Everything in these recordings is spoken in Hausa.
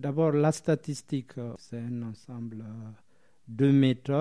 D'abord, la statistique, c'est un ensemble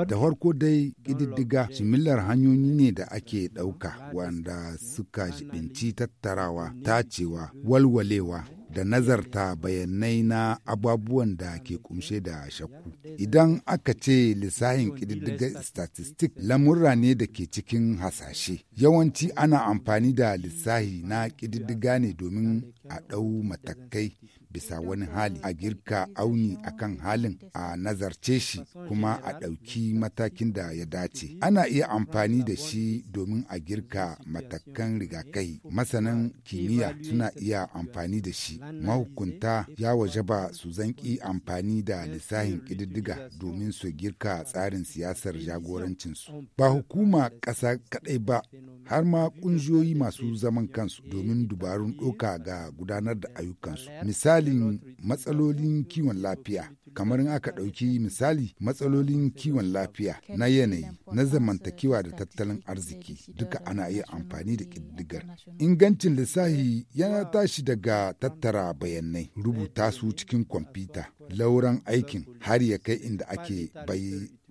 Da farko dai ƙididdiga jimillar hanyoyi ne da ake ɗauka wanda suka jibinci tattarawa, tacewa, walwalewa da nazarta bayanai na abubuwan da ke kumshe da shakku. Idan aka ce lissahin ƙididdigar statistik lamurra ne da ke cikin hasashe. Yawanci ana amfani da lissahi na ƙididdiga ne domin a ɗau matakai bisa wani hali a girka auni a kan halin a nazarce shi kuma a ɗauki matakin da ya dace ana iya amfani da shi domin a girka matakan rigakai. masanan kimiyya suna iya amfani da shi mahukunta ya waje ba su zanki amfani da lissahin ƙididdiga domin su girka tsarin siyasar jagorancinsu ba hukuma ƙasa kaɗai ba har ma ƙungiyoyi masu zaman kansu domin dubarun ɗoka ga gudanar da ayyukansu misali misalin matsalolin kiwon lafiya kamar in aka ɗauki misali matsalolin kiwon lafiya na yanayi na zamantakewa da tattalin arziki duka ana iya amfani da ƙiddigar ingancin lissahi yana tashi daga tattara bayanai rubuta su cikin kwamfuta lauran aikin har ya kai inda ake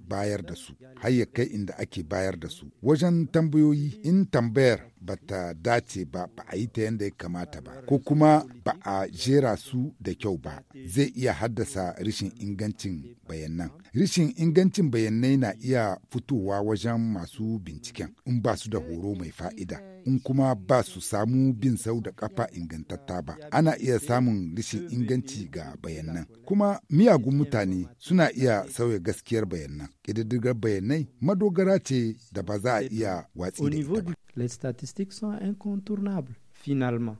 bayar da su har ya kai inda ake bayar da su wajen tambayoyi in tambayar ba ta dace ba ba a yi ta yanda ya kamata ba ko kuma ba a jera su da kyau ba zai iya haddasa rishin ingancin bayanan rishin ingancin bayanai na iya fitowa wajen masu binciken in ba su da horo mai fa'ida in kuma ba su samu bin sau da kafa ingantatta ba ana iya samun rishin inganci ga bayanan kuma miyagun mutane suna iya sauya gaskiyar bayanan ƙididdigar bayanai madogara ce da ba za a iya watsi da ita ba sont incontournables, finalement.